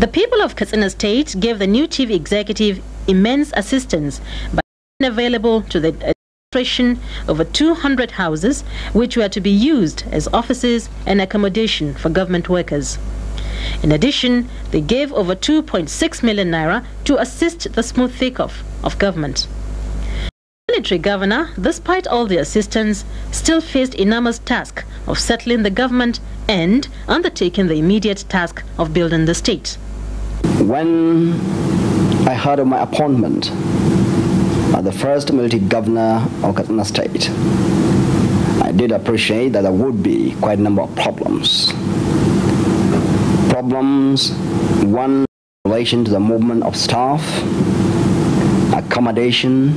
The people of Katsina State gave the new chief executive immense assistance by making available to the administration over 200 houses which were to be used as offices and accommodation for government workers. In addition, they gave over 2.6 million naira to assist the smooth takeoff of government. The military governor, despite all the assistance, still faced enormous task of settling the government and undertaking the immediate task of building the state when I heard of my appointment as the first military governor of Katana State, I did appreciate that there would be quite a number of problems. Problems, one, in relation to the movement of staff, accommodation,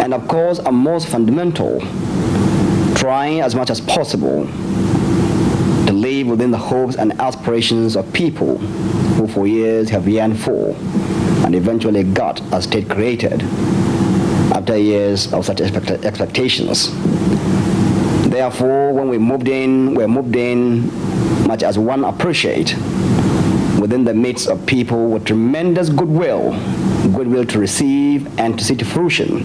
and of course, a most fundamental, trying as much as possible within the hopes and aspirations of people who for years have yearned for and eventually got a state created after years of such expect- expectations. Therefore, when we moved in, we moved in much as one appreciate within the midst of people with tremendous goodwill, goodwill to receive and to see to fruition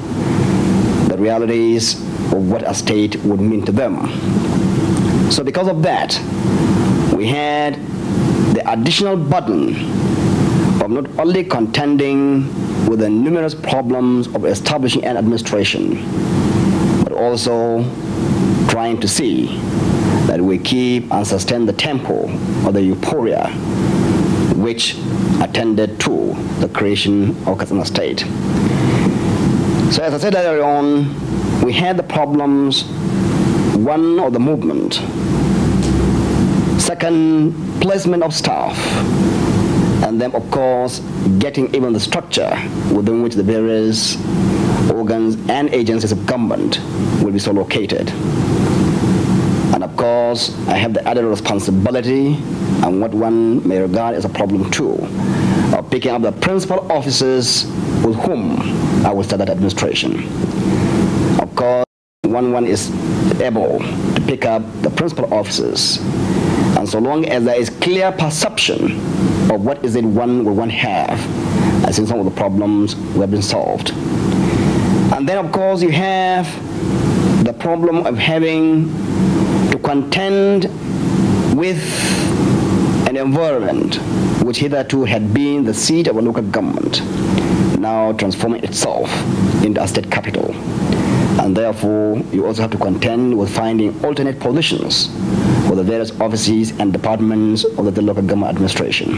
the realities of what a state would mean to them. So because of that, we had the additional burden of not only contending with the numerous problems of establishing an administration, but also trying to see that we keep and sustain the tempo of the euphoria which attended to the creation of Katsina State. So as I said earlier on, we had the problems, one of the movement second placement of staff and then of course getting even the structure within which the various organs and agencies of government will be so located and of course I have the added responsibility and what one may regard as a problem too of picking up the principal officers with whom I will start that administration of course one one is able to pick up the principal officers and so long as there is clear perception of what is it one will one have, I think some of the problems will have been solved. And then of course you have the problem of having to contend with an environment which hitherto had been the seat of a local government, now transforming itself into a state capital. And therefore, you also have to contend with finding alternate positions for the various offices and departments of the local government administration.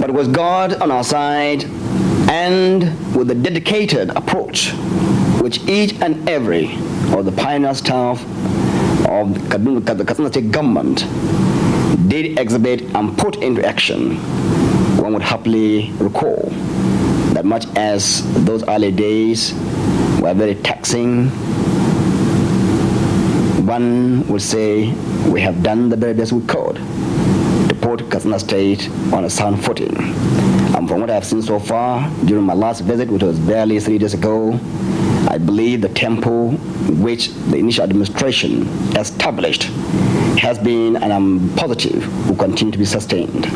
But with God on our side and with a dedicated approach which each and every of the pioneer staff of the Kaduna State government did exhibit and put into action, one would happily recall that much as those early days were very taxing one would say we have done the very best we could to put Katsina State on a sound footing. And from what I've seen so far, during my last visit, which was barely three days ago, I believe the tempo which the initial administration established has been, and I'm positive, will continue to be sustained.